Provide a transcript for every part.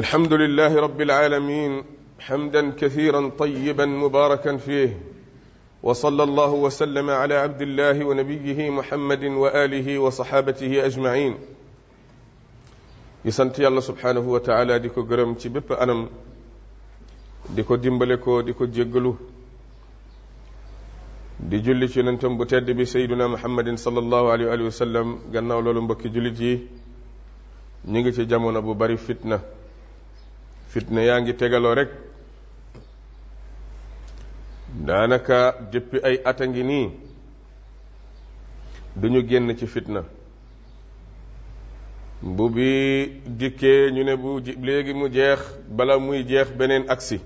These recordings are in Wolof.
الحمد لله رب العالمين حمدا كثيرا طيبا مباركا فيه وصلى الله وسلم على عبد الله ونبيه محمد واله وصحابته اجمعين يسنتي الله سبحانه وتعالى ديكو غرم تي بيب انام ديكو ديمبليكو ديكو جيغلو دي جولي سي ننتم بو تيد بي سيدنا محمد صلى الله عليه واله وسلم غناو لولو مبكي جولي جي نيغي سي جامونا بو بري فتنه fitna yaa ngi tegaloo rek daanaka depuis ay at a ngi nii duñu génn ci fitna bu dikkee ñu ne bu léegi mu jeex bala muy jeex beneen agsi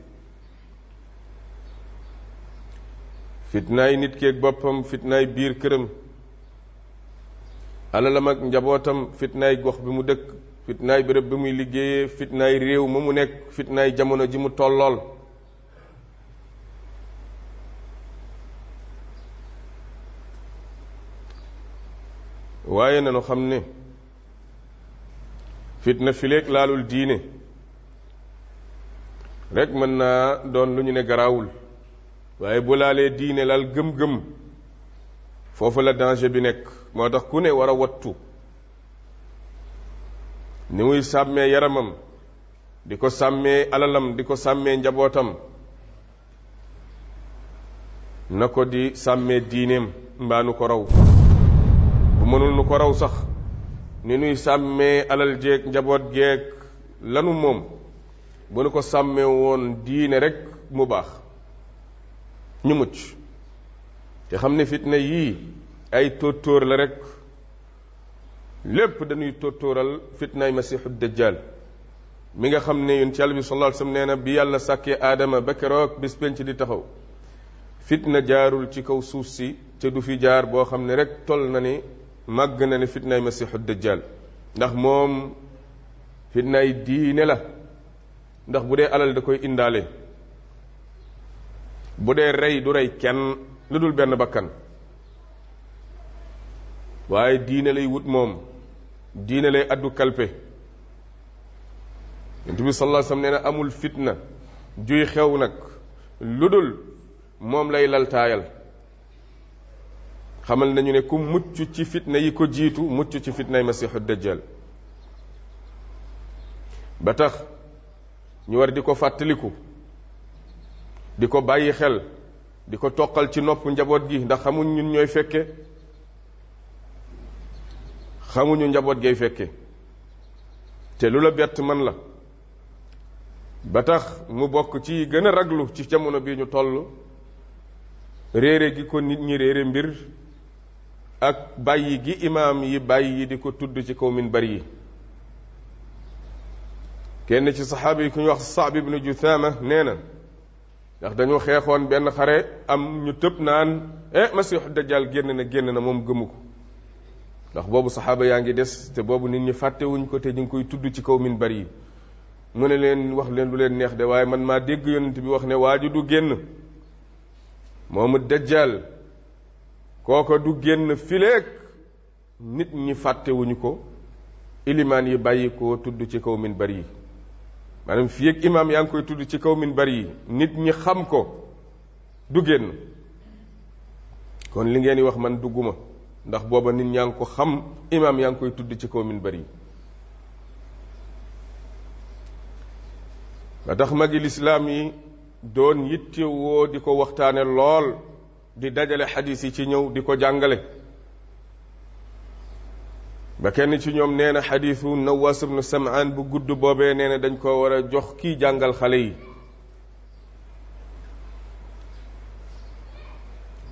fitnaay nit keeg boppam fitnaay biir këram alalam ak njabootam fitnaay gox bi mu dëkk fitnaay bërëb bi muy liggéeyee fitnaay réew ma mu nekk fitnaay jamono ji mu tollool waaye nanu xam ne fitna fileeg laalul diine rekk mën naa doon lu ñu ne garaawul waaye bu laalee diine laal gëm-gëm foofu la danger bi nekk moo tax ku ne war a wattu ni muy sàmmee yaramam di ko sàmmee alalam di ko sàmmee njabootam na ko di sàmmee diineem mbaa nu ko raw bu mënul nu ko raw sax ni nuy sàmmee alal jeeg njaboot geeg lanu moom bu nu ko sàmmee woon diine rekk mu baax ñu mucc te xam ne fitna yii ay tóor tóor la rek lépp dañuy tóortóoral fitnaay masiixu dajjal mi nga xam ne yun ci bi sallallahu nee na bi yàlla sàkkee aadama ba keroog bis penc di taxaw fitna jaarul ci kaw suuf si te du fi jaar boo xam ne rek toll na ne màgg na ne fitnaay masiixu dajjal ndax moom fitnaay diine la ndax bu dee alal da koy indaale bu dee rey du rey kenn lu dul benn bakkan waaye diine lay wut moom diine lay addu kalpe yonent bi sallallahu amul fitna juy xew nag lu dul moom lay laltaayal xamal nañu ne ku mucc ci fitna yi ko jiitu mucc ci fitnay masiixu dajjal ba tax ñu war di ko fàttaliku di ko bàyyi xel di ko toqal ci noppu njaboot gi ndax xamuñ ñun ñooy fekke xamuñu njaboot gay fekke te lu la bett man la ba tax mu bokk ci gën a raglu ci jamono bii ñu toll réere gi ko nit ñi réere mbir ak bàyyi gi imaam yi bàyyi di ko tudd ci kaw min bari yi kenn ci saxaaba yi ku ñu wax saabi Saab ibnu Juthaama nee na ndax dañu xeexoon benn xare am ñu tëb naan eh dajal génn na génn na moom gëmu ko ndox boobu saxaaba yaa ngi des te boobu nit ñi fàttewuñ ko te ñu ngi koy tudd ci kaw min bari yi mu ne leen wax leen lu leen neex de waaye man maa dégg yonent bi wax ne waaju du génn moomu dajal kooko du génn fileek nit ñi fàttewuñu ko ilimaan yi bàyyi ko tudd ci kaw min bari yi maanaam fi ak imaam yaa ngi koy tudd ci kaw min bari yi nit ñi xam ko du génn kon li ngeen di wax man dugguma ndax booba nit ñaa ngi ko xam imaam yaa ngi koy tudd ci kaw minbar yi nga tax magi lislaam yi doon yitte woo di ko waxtaane lool di dajale xadiis yi ci ñëw di ko jàngale ba kenn ci ñoom nee na xadiisu Nawaas ibnu Samaan bu gudd boobee nee na dañ ko war a jox kii jàngal xale yi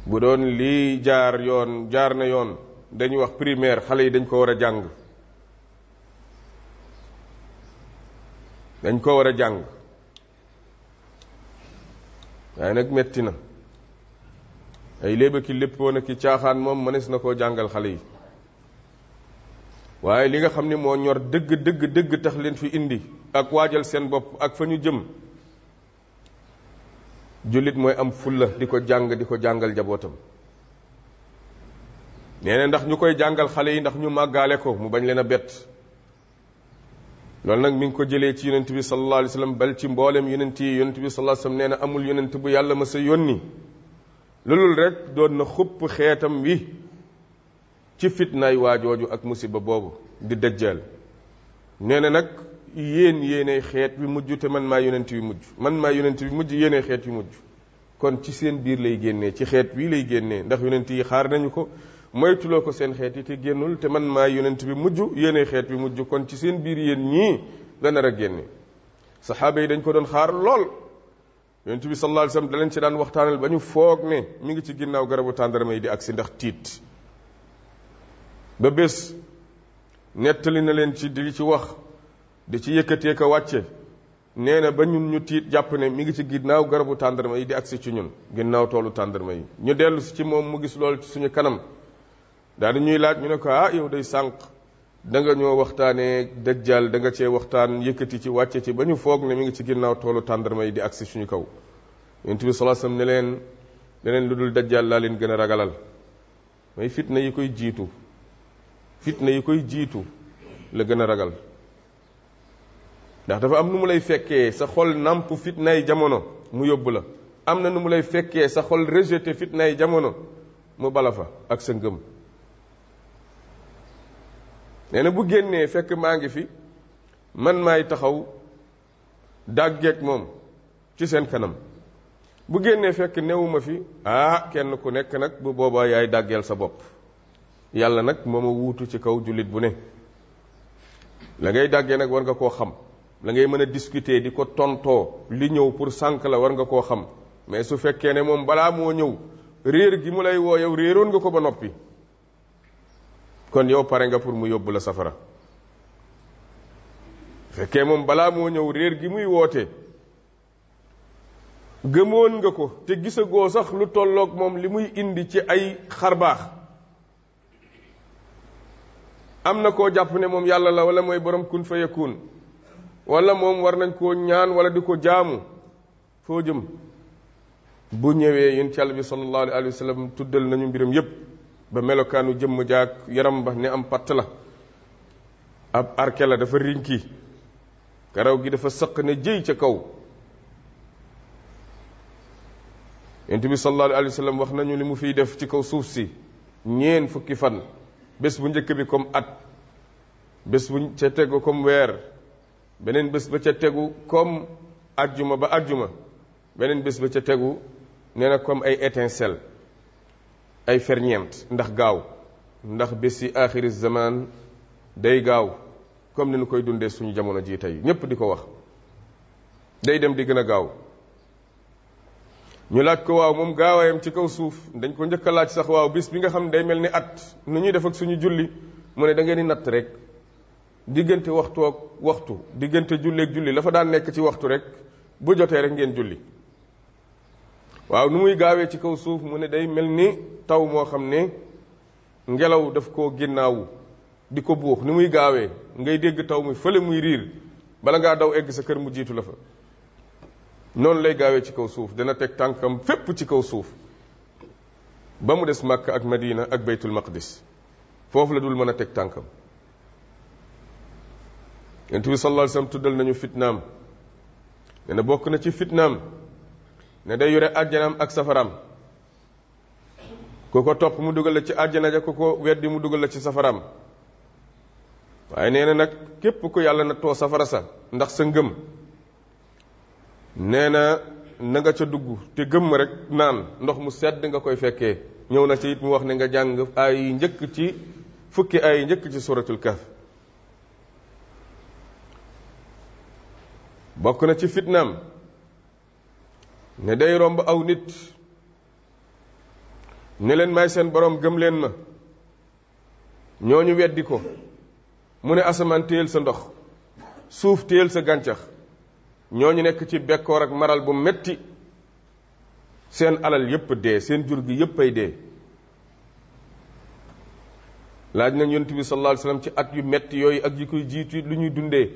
bu doon lii jaar yoon jaar na yoon dañuy wax primaire xale yi dañ ko war a jàng dañ ko war a jàng waaye nag metti na ay léeba ki léppoon ak ki caaxaan moom mënees na koo jàngal xale yi waaye li nga xam ni moo ñor dëgg dëgg dëgg tax leen fi indi ak waajal seen bopp ak fa ñu jëm jullit mooy am fulla di ko jàng di ko jàngal jabootam nee na ndax ñu koy jàngal xale yi ndax ñu màggaale ko mu bañ leen a bett loolu nag mi ngi ko jëlee ci yonent bi sallallahu alayhi bal ci mbooleem yonent yi yonent bi sallallahu alayhi wasallam nee na amul yonent bu yàlla ma sa yónni loolul rek doon na xupp xeetam wi ci fitnaay waa jooju ak musiba boobu di dajjal nee nag yéen yéenay xeet bi mujj te man maa yonent bi mujj man maa yonent bi mujj yéenay xeet yu mujj kon ci seen biir lay génne ci xeet bii lay génnee ndax yonent yi xaar nañu ko moytuloo ko seen xeet yi te génnul te man maa yonent bi mujj yéenay xeet bi mujj kon ci seen biir yéen ñii la nar a génne saxaaba yi dañ ko doon xaar lool yonent bi sallallahu alayhi wasallam da leen ci daan waxtaanal ba ñu foog ne mi ngi ci ginnaaw garabu tàndarma yi di agsi ndax tiit ba bés nettali na leen ci di ci wax di ci yëkkatee ko wàcce nee na ba ñun ñu tiit jàpp ne mi ngi ci ginnaaw garabu tàndarma yi di agsi ci ñun ginnaaw toolu tàndarma yi ñu dellu si ci moom mu gis loolu ci suñu kanam daal di ñuy laaj ñu ne ko ah yow day sànq da nga ñoo waxtaanee dajal da nga cee waxtaan yëkkati ci wàcce ci ba ñu foog ne mi ngi ci ginnaaw toolu tàndarma yi di agsi suñu kaw yonent bi sallallahu alayhi wasallam ne leen leneen lu dul dajjal laa leen gën a ragalal may fitna yi koy jiitu fitna yi koy jiitu la gën a ragal ndax dafa am nu mu lay fekkee sa xol nàmp fitnaay jamono mu yóbbu la am na nu mu lay fekkee sa xol rejeté fitnaay jamono mu bala fa ak sa ngëm nee na bu génnee fekk maa ngi fi man maay taxaw dàggeek moom ci seen kanam bu génnee fekk newuma fi ah kenn ku nekk nag bu boobaa yaay dàggeel sa bopp yàlla nag moo ma wuutu ci kaw jullit bu ne la ngay dàggee nag war nga koo xam la ngay mën a discuter di ko tontoo li ñëw pour sànq la war nga koo xam mais su fekkee ne moom balaa moo ñëw réer gi mu lay woo réeroon nga ko ba noppi kon yow pare nga pour mu yóbbu la safara fekkee moom balaa moo ñëw réer gi muy woote gëmoon nga ko te gisagoo sax lu tolloog moom li muy indi ci ay xarbaax am na koo jàpp ne moom yàlla la wala mooy borom kun fayakun wala moom war nañ koo ñaan wala di ko jaamu foo jëm bu ñëwee yéen ci yàlla bi sallallahu alayhi wa tuddal nañu mbiram yépp ba melokaanu jëmm jaak yaram ba ne am patt la ab arke la dafa rinki karaw gi dafa sëq ne jëy ca kaw yonent bi sallallahu alayhi wa wax nañu li mu fiy def ci kaw suuf si ñeen fukki fan bés bu njëkk bi comme at bés bu ca tegu comme weer beneen bés ba ca tegu comme ajjuma ba ajjuma beneen bés ba ca tegu nee na comme ay étincelle ay ferñeent ndax gaaw ndax bés yi axiri zaman day gaaw comme ni ñu koy dundee suñu jamono jii tey ñépp di ko wax day dem di gën a gaaw ñu laaj ko waaw moom gaawaayam ci kaw suuf dañ ko njëkk laaj sax waaw bis bi nga xam ne day mel ni at nu ñuy def ak suñu julli mu ne da ngeen di natt rek diggante waxtook waxtu diggante julli ak julli la fa daan nekk ci waxtu rek bu jotee rek ngeen julli waaw nu muy gaawee ci kaw suuf mu ne day mel ni taw moo xam ne ngelaw daf koo ginnaawu di ko buux ni muy gaawee ngay dégg taw mu fële muy riir bala ngaa daw egg sa kër mu jiitu la fa noonu lay gaawee ci kaw suuf dana teg tànkam fépp ci kaw suuf ba mu des màkk ak Madina ak Baytul Maqdis foofu la dul mën a teg tànkam yonent bi sallallahu tuddal nañu fitnaam ne na bokk na ci fitnaam ne day yore àjjanaam ak safaraam ku ko topp mu dugal la ci àjjana ja ku ko weddi mu dugal la ci safaraam waaye nee na nag képp ku yàlla na too safara sa ndax sa ngëm nee na na nga ca dugg te gëmm rek naan ndox mu sedd nga koy fekkee ñëw na ci it mu wax ne nga jàng ay njëkk ci fukki ay njëkk ci suratul kaf bokk na ci fitnaam ne day romb aw nit ne leen may seen borom gëm leen ma ñooñu weddi ko mu ne asamaan téyel sa ndox suuf téyel sa gàncax ñoo ñu nekk ci bekkoor ak maral bu metti seen alal yépp dee seen jur gi yépp ay dee laaj nañ yonent bi sallallahu alayhi ci at yu metti yooyu ak yi koy jiitu lu ñuy dundee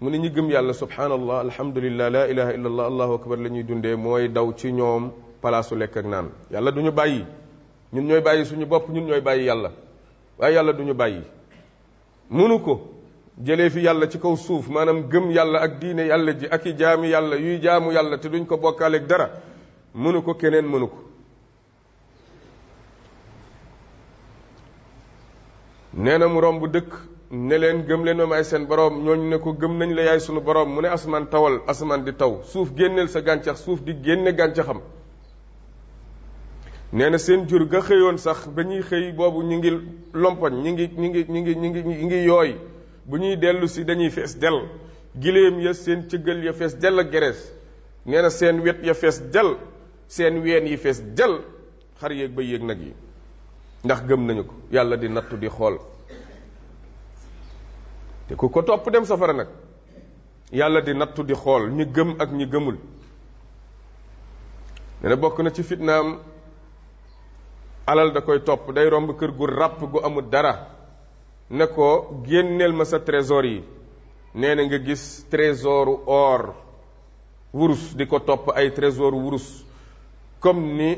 mu ne ñi gëm yàlla subhanallah alhamdulillah la ilaha illa allah akbar la ñuy dundee mooy daw ci ñoom palaasu lekk ak naan yàlla du ñu bàyyi ñun ñooy bàyyi suñu bopp ñun ñooy bàyyi yàlla waaye yàlla du ñu bàyyi munu ko jëlee fi yàlla ci kaw suuf maanaam gëm yàlla ak diine yàlla ji ak i jaami yàlla yuy jaamu yàlla te duñ ko bokkaaleek dara mënu ko keneen mënu ko nee na mu romb dëkk ne leen gëm leen ma maay seen boroom ñooñu ne ko gëm nañ la yaay sunu borom mu ne asamaan tawal asamaan di taw suuf génneel sa gàncax suuf di génne gàncaxam nee na seen jur ga xëyoon sax ba ñuy xëy boobu ñu ngi lompoñ ñu ngi ñu ngi ñu ngi ñu ngi ñu ngi yooy bu ñuy dellu si dañuy fees dell giléem ya seen cëggal ya fees dell ak gerees nee na seen wet ya fees dell seen ween yi fees dell xar yéeg ba yéeg nag yi ndax gëm nañu ko yàlla di nattu di xool te ku ko topp dem safara nag yàlla di nattu di xool ñi gëm ak ñi gëmul ne na bokk na ci fitnaam alal da koy topp day romb kër gu ràpp gu amul dara ne ko génneel ma sa trésor yi nee na nga gis trésoru or wurus di ko topp ay trésoru wurus comme ni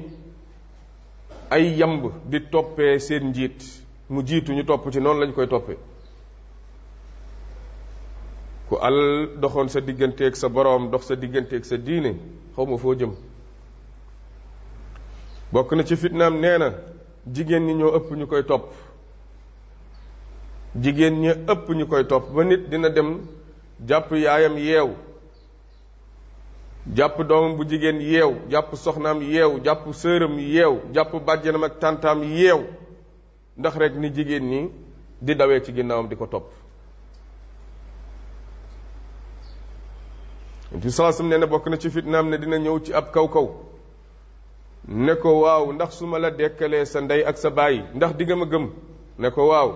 ay yamb di toppee seen njiit mu jiitu ñu topp ci noonu lañu koy toppee ku alal doxoon sa diggante ak sa boroom dox sa digganteeg sa diine xaw foo jëm bokk na ci fitnaam nee na jigéen ñi ñoo ëpp ñu koy topp jigéen ñi ëpp ñu koy topp ba nit dina dem jàpp yaayam yeew jàpp doomam bu jigéen yeew jàpp soxnaam yeew jàpp sëram yeew jàpp bàjjanam ak tàntaam yeew ndax rek ni jigéen ñi di dawee ci ginnaawam di ko topp ci saasam nee na bokk na ci fitnaam ne dina ñëw ci ab kaw-kaw ne ko waaw ndax su ma la dekkalee sa ndey ak sa baay ndax di nga ma gëm ne ko waaw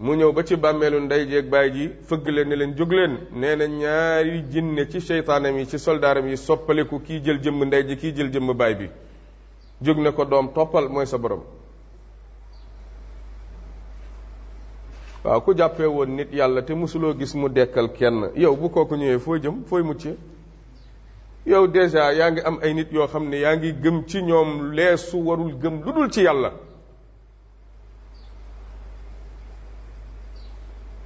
mu ñëw ba ci bàmmeelu ndey jeeg baay ji fëgg leen ne leen jóg leen nee na ñaari jinne ci seytaanam yi ci soldaaram yi soppaliku kii jël jëmm ndey ji kii jël jëmm baay bi jóg ne ko doom toppal mooy sa borom waaw ku jàppee woon nit yàlla te mosuloo gis mu dekkal kenn yow bu kooku ñëwee foo jëm fooy muccee yow dèjà yaa ngi am ay nit yoo xam ne yaa ngi gëm ci ñoom leesu warul gëm lu dul ci yàlla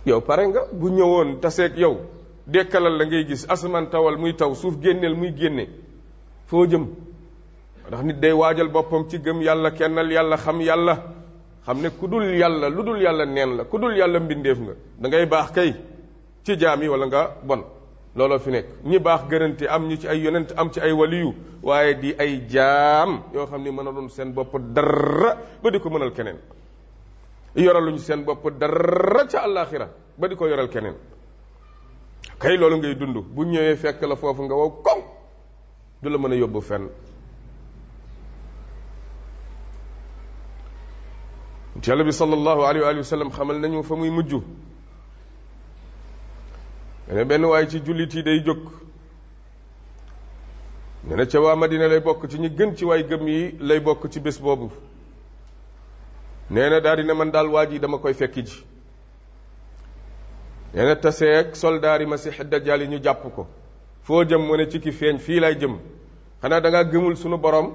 yow pare nga bu ñëwoon taseeg yow dekkalal la ngay gis asamaan tawal muy taw suuf génneel muy génne foo jëm ndax nit day waajal boppam ci gëm yàlla kennal yàlla xam yàlla xamne ne yalla ludul yalla nen la kudul yalla mbindef nga da ngay bax kay ci jami wala nga bon lolo fi nek ñi bax gërënti am ñu ci ay yonent am ci ay waliyu waye di ay jam. yo xam ne mënaluñ seen bop dar ba diko ko mënal keneen yoraluñ seen bop dar ci àllaaxira ba diko ko yoral keneen kay lolo ngay dundu bu ñëwé fekk la fofu nga wo koŋ du la fenn ci yàlla bi sallallahu alayhi wa sallam xamal nañu fa muy mujj ne benn waaye ci jullit yi day jóg ne na ca waa Madina lay bokk ci ñi gën ci waay gëm yi lay bokk ci bés boobu nee na daal di ne man daal waa ji dama koy fekki ji nee na taseeg soldaar yi masix dajjal yi ñu jàpp ko foo jëm mu ne ci ki feeñ fii lay jëm xanaa da ngaa gëmul sunu borom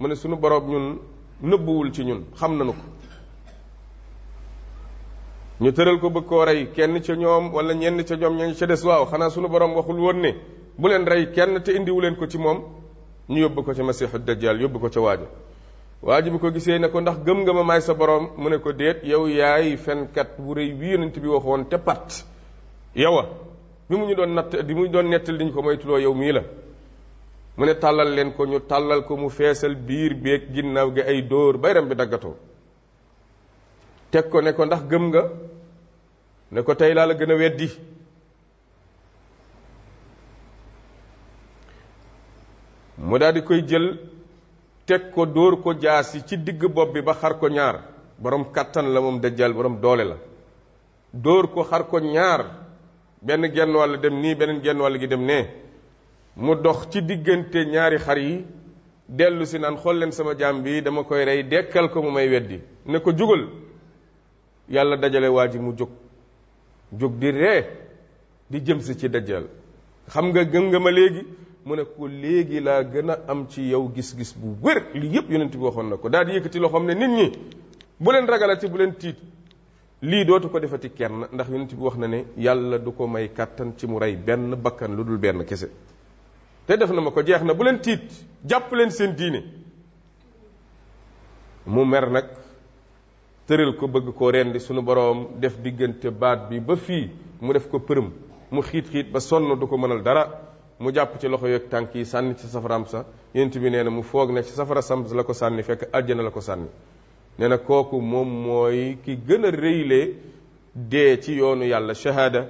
mu ne sunu borom ñun nëbbuwul ci ñun xam nanu ko ñu tëral ko bëgg koo rey kenn ca ñoom wala ñenn ca ñoom ñooñu ca des waaw xanaa sunu borom waxul woon ne bu leen rey kenn te indiwu leen ko ci moom ñu yóbbu ko ca masiixu dajjal yóbbu ko ca waaja waa ji ko gisee ne ko ndax gëm nga ma maay sa borom mu ne ko déet yow yaay fenkat bu rëy wi yonent bi waxoon te pat yowa bi mu ñu doon natt bi mu doon nettal diñ ko moytuloo yow mii la mu ne tàllal leen ko ñu tàllal ko mu feesal biir beeg ginnaaw gi ay dóor bayram bi daggatoo teg ko ne ko ndax gëm nga ne ko tay la la gëna a mu daal di koy jël teg ko dóor ko jaasi ci digg bopp bi ba xar ko ñaar borom kattan la moom dajjal borom doole la dóor ko xar ko ñaar benn genn wàll dem nii beneen genn wàll gi dem nee mu dox ci diggante ñaari xar yi dellu si naan xool leen sama jaam bi dama koy rey dekkal ko mu may weddi ne ko jugal yàlla dajale waa ji mu jóg jóg di ree di jëm si ci dajjal xam nga gën nga ma léegi mu ne ko léegi laa gën a am ci yow gis-gis bu wér li yëpp yonent bi waxoon na ko daal di yëkkati loxoom ne nit ñi bu leen ragalati bu leen tiit lii dootu ko defati kenn ndax yonent bi wax na ne yàlla du ko may kàttan ci mu rey benn bakkan lu dul benn kese te def na ma ko jeex na bu leen tiit jàpp leen seen diine mu mer nag tëral ko bëgg koo rendi sunu boroom def diggante baat bi ba fii mu def ko përëm mu xiit xiit ba sonn du ko mënal dara mu jàpp ci loxo yeeg tànk yi sànni ci safaraam sa yent bi nee na mu foog ne ci safara sam la ko sànni fekk àjjana la ko sànni nee na kooku moom mooy ki gën a dee ci yoonu yàlla shahada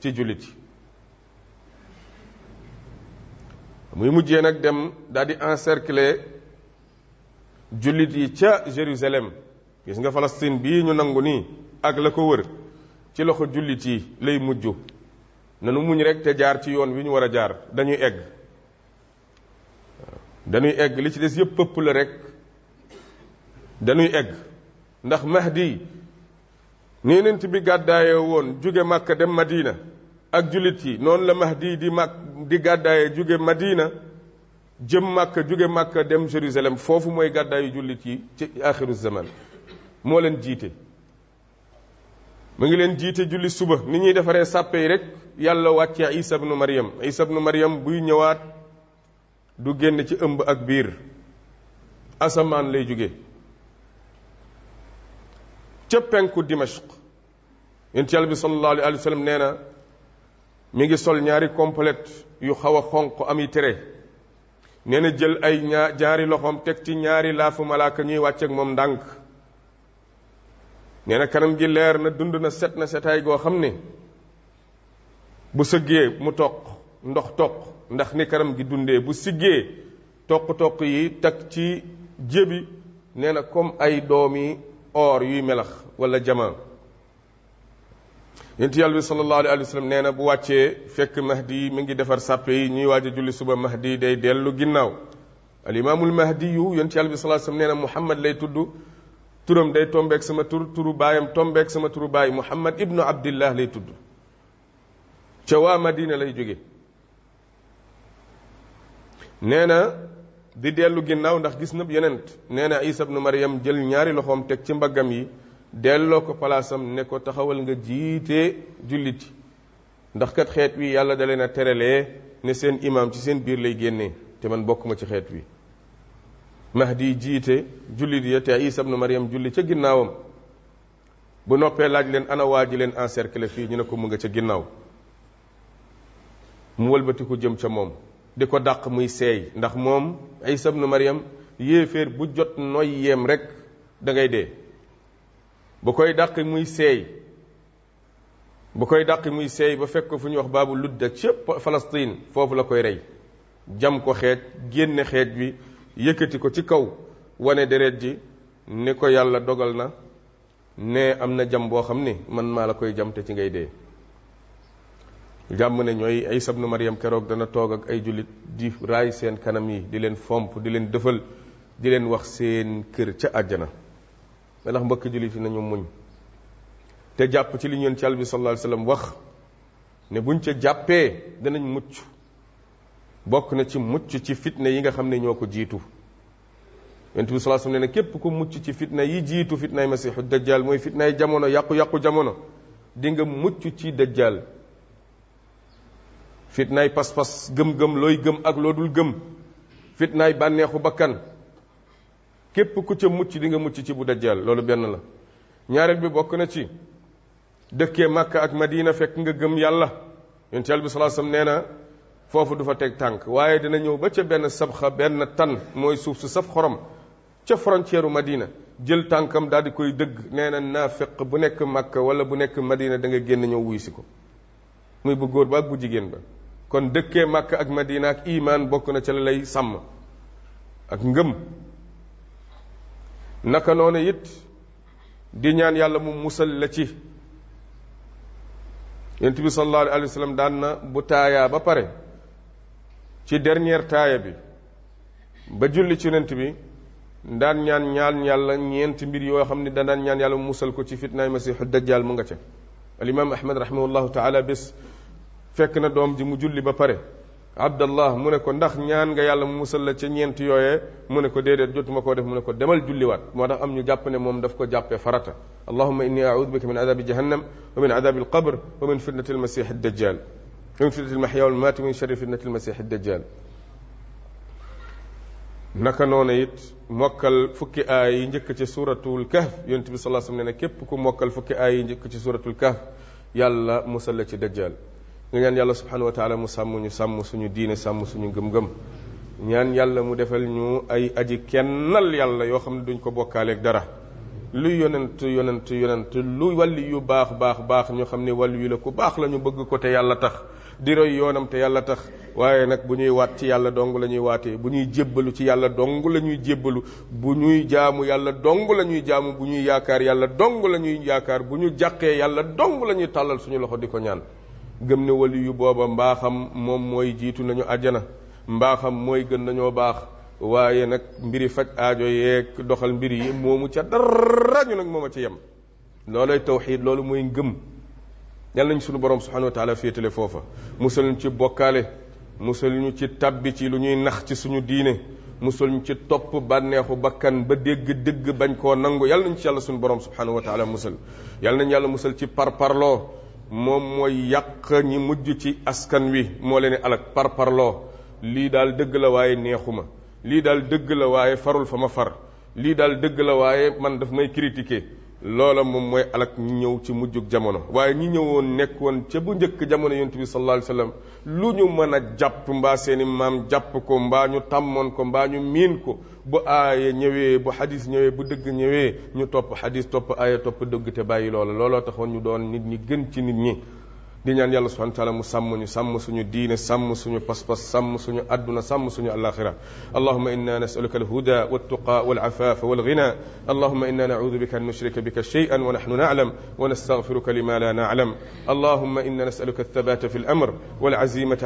ci jullit yi muy mujje nag dem daal di encercler jullit yi ca Jérusalem gis nga Palestine bii ñu nangu nii ak la ko wër ci loxo jullit yi lay mujj nanu muñ rek te jaar ci yoon wi ñu war a jaar dañuy egg dañuy egg li ci des yëpp pëpp la rek dañuy egg ndax Mahdi ni yonent bi gàddaaye woon jóge Màkka dem Madina ak jullit yi noonu la Mahdi di màkk di gàddaaye jóge Madina jëm Màkka jóge Màkka dem Jérusalem foofu mooy gàddaayu jullit yi ci axiru zaman moo leen jiite mu ngi leen jiite julli suba ni ñuy defaree sàppe yi rek yàlla wàccee isa bnu mariam isa bnu mariam buy ñëwaat du génn ci ëmb ak biir asamaan lay jóge ca penku dimashq yonent yàlla bi sallallahu alayhi wa sallam nee na mu ngi sol ñaari complet yu xaw a xonq am yi tere nee na jël ay ñaari loxoom teg ci ñaari laafu malaaka ñuy wàcceek moom ndànk nee kanam gi leer na dund na set na setaay goo xam ne bu sëggee mu toq ndox toq ndax ni kanam gi dundee bu siggee toq-toq yi tag ci jébi nee na comme ay doomi or yuy melax wala jama yonent yàlla bi sallallahu alayhi wa sallam nee na bu wàccee fekk mahdi mu ngi defar sàppe yi ñuy waaj a julli suba mahdi day dellu ginnaaw al imaamul mahdi yu yonent yàlla bi sallallahu alayhi wa neena nee na muhammad lay tudd turam day tombeek sama tur turu baayam tombeek sama turu baay muhammad ibnu abdillah lay tudd ca waa madina lay jóge nee na di dellu ginnaaw ndax gis na yonent nee na isa ibnu maryam jël ñaari loxoom teg ci mbaggam yi delloo ko palaasam ne ko taxawal nga jiite jullit ndax kat xeet wi yàlla da na terale ne seen imaam ci seen biir lay génne te man bokk ma ci xeet wi mahdi jiite jullit ya te isa ibnu mariam julli ca ginnaawam bu noppee laaj leen anawaa waa ji leen encercler fii ñu ne ko mu nga ca ginnaaw mu wëlbatiku jëm ca moom di ko dàq muy seey ndax moom isa ibnu mariam yéeféer bu jot noy yeem rek da ngay dee bu koy dàq muy seey bu koy dàq muy seey ba fekk ko fu ñuy wax baabu ludda cépp Palestine foofu la koy rey jam ko xeet génne xeet bi yëkkati ko ci kaw wane deret ji ni ko yàlla dogal na ne am na jam boo xam ni man maa la koy jam te ci ngay dee jàmm ne ñooy ay sabnu Mariam keroog dana toog ak ay jullit di raay seen kanam yi di leen fomp di leen dëfal di leen wax seen kër ca àjjana ndax mbokki jullit yi nañu muñ te jàpp ci li ñeen ci àl bi sallallahu alayhi wasallam wax ne buñ ca jàppee danañ mucc bokk na ci mucc ci fitna yi nga xam ne ñoo ko jiitu yonent bi su alayhi wasallam nee na képp ku mucc ci fitna yi jiitu fitnaay masiixu dajjal mooy fitnaay jamono yàqu-yàqu jamono di nga mucc ci dajjal fitnaay pas-pas gëm-gëm looy gëm ak loo dul gëm fitnaay bànneexu bakkan képp ku ca mucc di nga mucc ci bu dajjal loolu benn la ñaareel bi bokk na ci dëkkee Makka ak Madina fekk nga gëm yàlla yonent bi sallallahu alayhi wasallam nee na foofu du fa teg tànk waaye dina ñëw ba ca benn sabxa benn tan mooy suuf su saf xorom ca frontière Madina jël tànkam daal di koy dëgg nee na naafiq bu nekk màkk wala bu nekk Madina da génn ñëw wuy ko muy bu góor ba ak bu jigéen ba kon dëkkee màkk ak Madina ak imaan bokk na ca la lay sàmm ak ngëm naka noonu it di ñaan yàlla mu musal la ci yonent bi sallallahu alayhi wa daan na bu taayaa ba pare ci dernière taaya bi ba julli ci yonent bi daan ñaan ñaal yàlla ñeenti mbir yoo xam ne daan ñaan yàlla musal ko ci fitnaay masiixu dajjal mu nga ca alimaam ahmad rahimahullahu taala bis fekk na doom ji mu julli ba pare abdallah mu ne ko ndax ñaan nga yàlla mu musal la ca ñeent yooyee mu ne ko déedéet jotuma ko def mu ne ko demal julliwaat moo tax am ñu jàpp ne moom daf ko jàppee farata allahuma inni audu bika min adabi jahannam wa min adabi alqabr wa min fitnati almasih dajjal من فتنة المحيا والممات من شر فتنة المسيح الدجال نكا نونيت موكل فكي آي نجك سورة الكهف ينتبه صلى الله عليه وسلم كيبكو موكل فكي آي نجك سورة الكهف يلا مسلة الدجال نيان يالله سبحانه وتعالى مسامو ني سامو سونو دين سامو سونو گم گم نيان يالله مو ديفال ني اي ادي كينال يالله يو خامن دون كو بوكال اك دارا lu yonent yonent yonent lu wàlli yu baax baax baax ñu xam ne wàlli yu la ku baax la ñu bëgg ko te yàlla tax di roy yoonam te yàlla tax waaye nag bu ñuy waat ci yàlla dong la ñuy waatee bu ñuy jébbalu ci yàlla dong la ñuy jébbalu bu ñuy jaamu yàlla dong la ñuy jaamu bu ñuy yaakaar yàlla dong la ñuy yaakaar bu ñu jàqee yàlla dong la ñuy tàllal suñu loxo di ko ñaan gëm ne wàlli yu booba mbaaxam moom mooy jiitu nañu àjjana mbaaxam mooy gën nañoo baax waaye nag mbiri faj aajo yee doxal mbir yi moomu ca dara nag moom a ci yem loolooy tawxiid loolu mooy ngëm yal nañ sunu borom subhanahu wa taala féetale foofa musal ñu ci bokkaale musal ñu ci tabbi ci lu ñuy nax ci suñu diine musal ñu ci topp bànneexu bakkan ba dégg dëgg bañ koo nangu yal nañ ci yàlla sunu borom subhanahu wa musal yal nañu yàlla musal ci par parloo moom mooy yàq ñi mujj ci askan wi moo leen alag parparloo lii daal dégg la waaye neexuma lii daal dëgg la waaye farul fa ma far lii daal dëgg la waaye man daf may critiquer loola moom mooy alak ñu ñëw ci mujjug jamono waaye ñi ñëwoon nekkoon ca bu njëkk jamono yonent bi sallallahu alayhi wasallam lu ñu mën a jàpp mbaa seeni maam jàpp ko mbaa ñu tàmmoon ko mbaa ñu miin ko bu aaya ñëwee bu xadis ñëwee bu dëgg ñëwee ñu topp xadis topp aaya topp dëgg te bàyyi loola looloo taxoon ñu doon nit ñi gën ci nit ñi di ñaan yàlla subhanahu wa taala mu sàmm ñu sàmm suñu diine sàmm suñu pas-pas sàmm suñu àdduna sàmm suñu alaxira allahuma inna nasaluka alhuda waltuqa walcafafa walghina allahuma inna nacuudu bika an nushrika bika shay'an wa nahnu naclam wa nastaghfiruka lima la naclam اللهم إنا نسألك الثبات في الأمر والعزيمة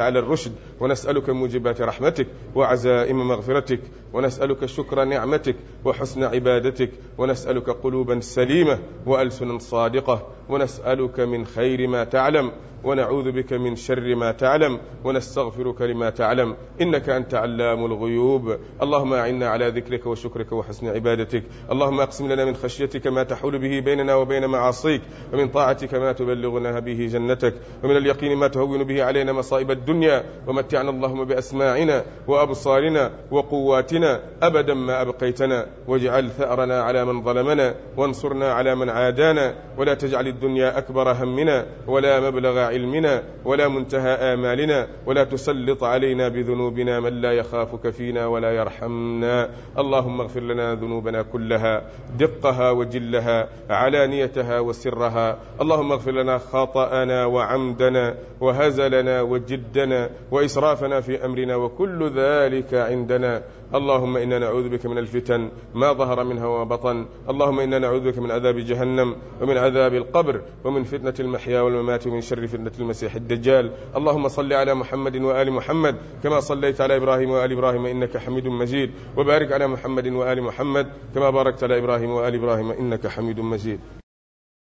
wa nasaluka ونسألك rahmatik wa وعزائم maghfiratik ونسألك شكر نعمتك وحسن عبادتك ونسألك قلوبا سليمة وألسنا صادقة ونسألك من خير ما تعلم ونعوذ بك من شر ما تعلم ونستغفرك لما تعلم إنك أنت علام الغيوب اللهم أعنا على ذكرك وشكرك وحسن عبادتك اللهم أقسم لنا من خشيتك ما تحول به بيننا وبين معاصيك ومن طاعتك ما تبلغنا به جنتك ومن اليقين ما تهون به علينا مصائب الدنيا ومتعنا اللهم بأسماعنا وأبصارنا وقواتنا أبدا ما أبقيتنا واجعل ثأرنا على من ظلمنا وانصرنا على من عادانا ولا تجعل الدنيا أكبر همنا ولا مبلغ علمنا ولا منتهى آمالنا ولا تسلط علينا بذنوبنا من لا يخافك فينا ولا يرحمنا اللهم اغفر لنا ذنوبنا كلها دقها وجلها علانيتها وسرها اللهم اغفر لنا خطأنا وعمدنا وهزلنا وجدنا وإسرافنا في أمرنا وكل ذلك عندنا اللهم إنا نعوذ بك من الفتن ما ظهر منها وما بطن اللهم إنا نعوذ بك من عذاب جهنم ومن عذاب القبر ومن فتنة المحيا والممات ومن شر فتنة المسيح الدجال اللهم صل على محمد وآل محمد كما صليت على إبراهيم وآل إبراهيم إنك حميد مجيد وبارك على محمد وآل محمد كما باركت على إبراهيم وآل إبراهيم إنك حميد مجيد